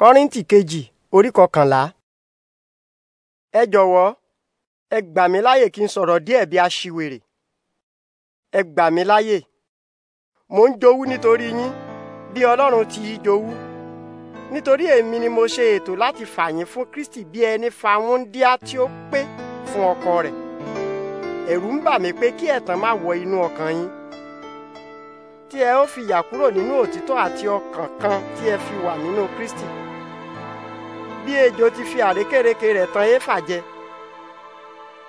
kọ́ríntì kejì orí kọkànlá. ẹ jọ̀wọ́ ẹ gbà mí láyè kí n sọ̀rọ̀ díẹ̀ bí aṣiwèrè ẹ gbà mí láyè mò ń jowú nítorí yín bí ọlọ́run ti jowú nítorí èmi ni mo ṣe ètò láti fà yín fún Kristi bí ẹni fa wúńdíá tí ó pé fún ọkọ rẹ̀ ẹ̀rù ń bà mí pé kí ẹ̀tàn má wọ inú ọkàn yín tí ẹ ó fi yà kúrò nínú òtítọ́ àti ọkàn kan tí ẹ fi wà nínú Kristi bí ejò ti fi àrékérekè rẹ̀ tan éfà jẹ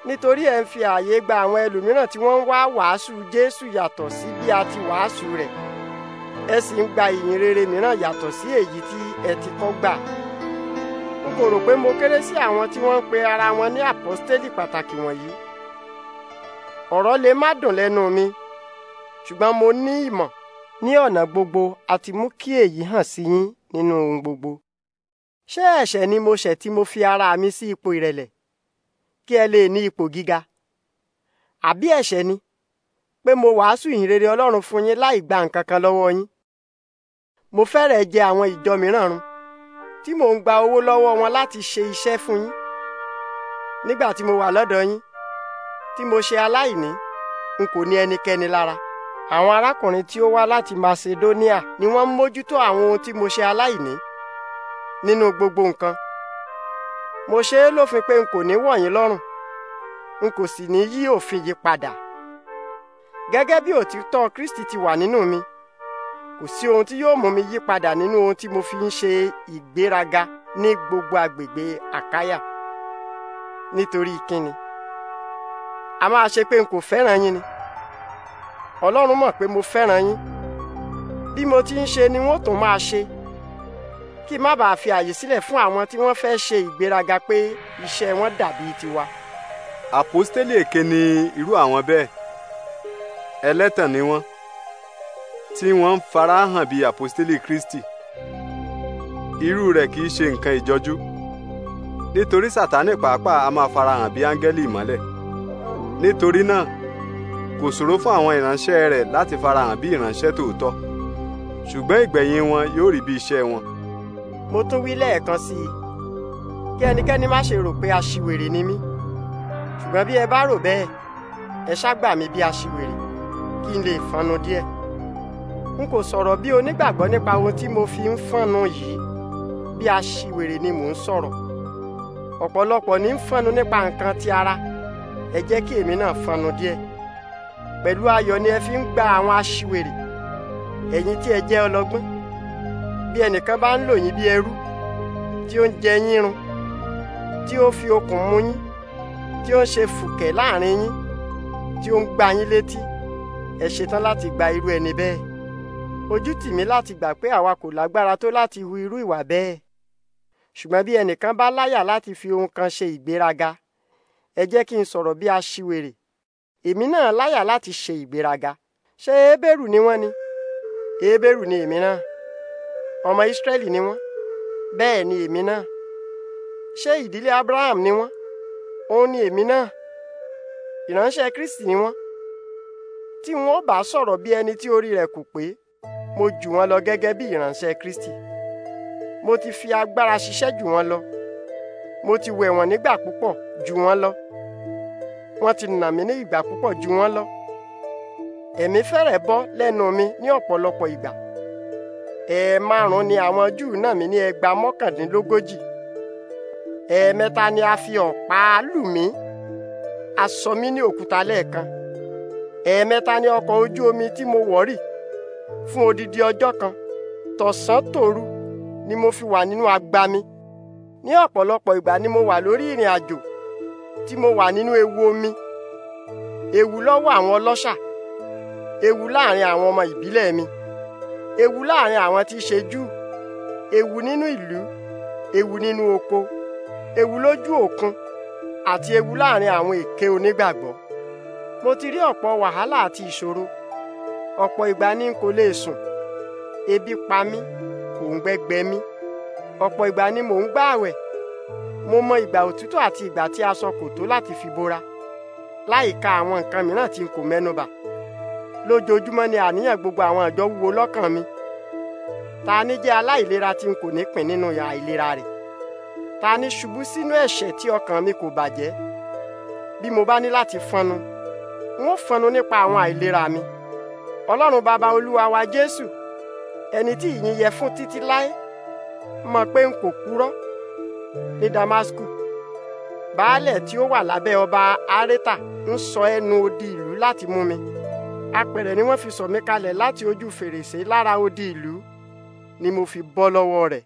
nítorí ẹ ń fi ààyè gba àwọn ẹlòmíràn tí wọ́n ń wá wàásù Jésù yàtọ̀ sí bí a ti wàásù rẹ̀ ẹ sì ń gba ìyìn rere mìíràn yàtọ̀ sí èyí tí ẹ ti kọ́ gbà n kò rò pé mo kéré sí àwọn tí wọ́n ń pe ara wọn ní àpọ́stélì pàtàkì wọ̀nyí ọ̀rọ̀ lè má dùn lẹ́nu mi ṣùgbọ́n mo ní ìmọ̀ ní ọ̀nà gbogbo àti mú kí èyí hàn sí yín nínú ohun gbogbo. ṣé ẹ̀ṣẹ̀ ni mo ṣẹ̀ tí mo fi ara mi sí ipò ìrẹ̀lẹ̀ kí ẹ lè ní ipò gíga? àbí ẹ̀ṣẹ̀ ni pé mo wàásù ìhìnrere Ọlọ́run fún yín láì gba nǹkan kan lọ́wọ́ yín? mo fẹ́rẹ̀ẹ́ jẹ àwọn ìjọ mìíràn run tí mò ń gba owó lọ́wọ́ wọn láti ṣe iṣẹ́ fún yín nígbà tí mo wà lọ́dọ̀ yín tí mo ṣe aláìní n kò ní ẹnikẹ́ni lára àwọn arákùnrin tí ó wá láti Macedonia ni wọ́n ń mójútó àwọn ohun tí mo ṣe aláìní nínú gbogbo nǹkan mo ṣe é lófin pé n kò ní wọ̀ yín lọ́rùn n kò sì ní yí òfin yìí padà gẹ́gẹ́ bí òtítọ́ Kristi ti wà nínú mi kò sí ohun tí yóò mú mi yí padà nínú ohun tí mo fi ń ṣe ìgbéraga ní gbogbo agbègbè Àkáyà nítorí kíni a máa ṣe pé n kò fẹ́ràn yín ni ọlọ́run mọ̀ pé mo fẹ́ràn yín bí mo ti ń ṣe ni wọ́n tún máa ṣe kí má bàa fi àyè sílẹ̀ fún àwọn tí wọ́n fẹ́ ṣe ìgbéraga pé iṣẹ́ wọn dàbí tiwa. àpọ́stélì èké ni irú àwọn bẹ́ẹ̀ ẹlẹ́tàn ni wọ́n tí wọ́n ń farahàn bí àpọ́stélì Kristi irú rẹ̀ kì í ṣe nǹkan ìjọjú nítorí Sátánì pàápàá a máa farahàn bí áńgẹ́lì ìmọ́lẹ̀ nítorí náà kò ṣòro fún àwọn ìránṣẹ́ rẹ̀ láti farahàn bí ìránṣẹ́ tòótọ́ ṣùgbọ́n ìgbẹ̀yìn wọn yóò rí bí iṣẹ́ wọn. mo tún wí lẹ́ẹ̀kan sí i kí ẹnikẹ́ni má ṣe rò pé aṣiwèrè ni mí ṣùgbọ́n bí ẹ bá rò bẹ́ẹ̀ ẹ ṣàgbà mí bí aṣiwèrè kí n lè fọnnu díẹ̀ n kò sọ̀rọ̀ bí onígbàgbọ́ nípa ohun tí mo fi ń fọnnu yìí bí aṣiwèrè ni mò ń sọ̀rọ̀ ọ̀pọ̀lọpọ̀ ní ń fọnnu nípa nǹkan ti ara ẹ jẹ́ kí èmi náà fọnnu díẹ̀ pẹ̀lú ayọ̀ ni ẹ fi ń gba àwọn aṣiwèrè ẹ̀yin tí ẹ jẹ́ ọlọ́gbọ́n bí ẹnìkan bá ń lò yín bí ẹrú tí ó ń jẹ yín run tí ó fi okùn mú yín tí ó ń ṣe fùkẹ̀ láàrin yín tí ó ń gbá yín létí ẹ ṣetán láti gba irú ẹni bẹ́ẹ̀ ojú tì mí láti gbà pé àwa kò lágbára tó láti hu irú ìwà bẹ́ẹ̀ ṣùgbọ́n bí ẹnìkan bá láyà láti fi ohun kan ṣe ìgbéraga ẹ jẹ́ kí n sọ̀rọ̀ bí aṣiwèrè èmi náà láyà láti ṣe ìgbéraga ṣé ebéèrù ni wọ́n ni ebéèrù ni èmi náà ọmọ Ísírẹ́lì ni wọ́n bẹ́ẹ̀ ni èmi náà ṣé ìdílé Abraham ni wọ́n òun ni èmi náà ìránṣẹ́ Kristi ni wọ́n tí wọn ó bá sọ̀rọ̀ bí ẹni tí orí rẹ̀ kò pé mo jù wọn lọ gẹ́gẹ́ bí ìránṣẹ́ Kristi mo ti fi agbára ṣiṣẹ́ jù wọn lọ mo ti wẹ̀ wọ́n nígbà púpọ̀ jù wọn lọ wọ́n ti nà mí ní ìgbà púpọ̀ ju wọ́n lọ ẹ̀mí fẹ́rẹ̀ bọ́ lẹ́nu mi ní ọ̀pọ̀lọpọ̀ ìgbà ẹ̀ẹ̀márùn ni àwọn júù nà mí ní ẹgbàá mọ́kàndínlógójì ẹ̀ẹ̀mẹ́ta ni a fi ọ̀pá lù mí a sọ mí ní òkúta lẹ́ẹ̀kan ẹ̀ẹ̀mẹ́ta ni ọkọ̀ ojú omi tí mo wọ̀ rì fún odidi ọjọ́ kan tọ̀sán tòru ni mo fi wà nínú agbami ní ọ̀pọ̀lọpọ̀ ìgbà ni mo tí mo wà nínú ewu omi ewu lọ́wọ́ àwọn ọlọ́ṣà ewu láàrin àwọn ọmọ ìbílẹ̀ mi ewu láàrin àwọn tí í ṣe Júù ewu nínú ìlú ewu nínú oko ewu lójú òkun àti ewu láàrin àwọn èké onígbàgbọ́ mo ti rí ọ̀pọ̀ wàhálà àti ìṣòro ọ̀pọ̀ ìgbà ni n kò lè sùn ebi pa mí òǹgbẹ gbẹ mí ọ̀pọ̀ ìgbà ni mò ń gbààwẹ̀ mo mọ ìgbà òtútù àti ìgbà tí aṣọ kò tó láti fi bora láìka àwọn nǹkan mìíràn tí n kò mẹ́nubà lójoojúmọ́ ni àníyàn gbogbo àwọn ìjọ wúwo lọ́kàn mi ta ni jẹ́ aláìlera tí n kò ní pín nínú àìlera rẹ̀ ta ni ṣubú sínú ẹ̀ṣẹ̀ tí ọkàn mi kò bàjẹ́ bí mo bá ní láti fọnu n ó fọnu nípa àwọn àìlera mi ọlọ́run bàbá olúwa wa jésù ẹni tí ìyìn yẹ fún títí láé mọ̀ pé n kò kúrọ́ ní Damasku baálẹ̀ tí ó wà lábẹ́ ọba Areta ń sọ ẹnu odi ìlú láti mú mi apẹ̀rẹ̀ ni wọ́n fi sọ̀ kalẹ̀ láti ojú fèrèsé lára odi ìlú ni mo fi bọ́ lọ́wọ́ rẹ̀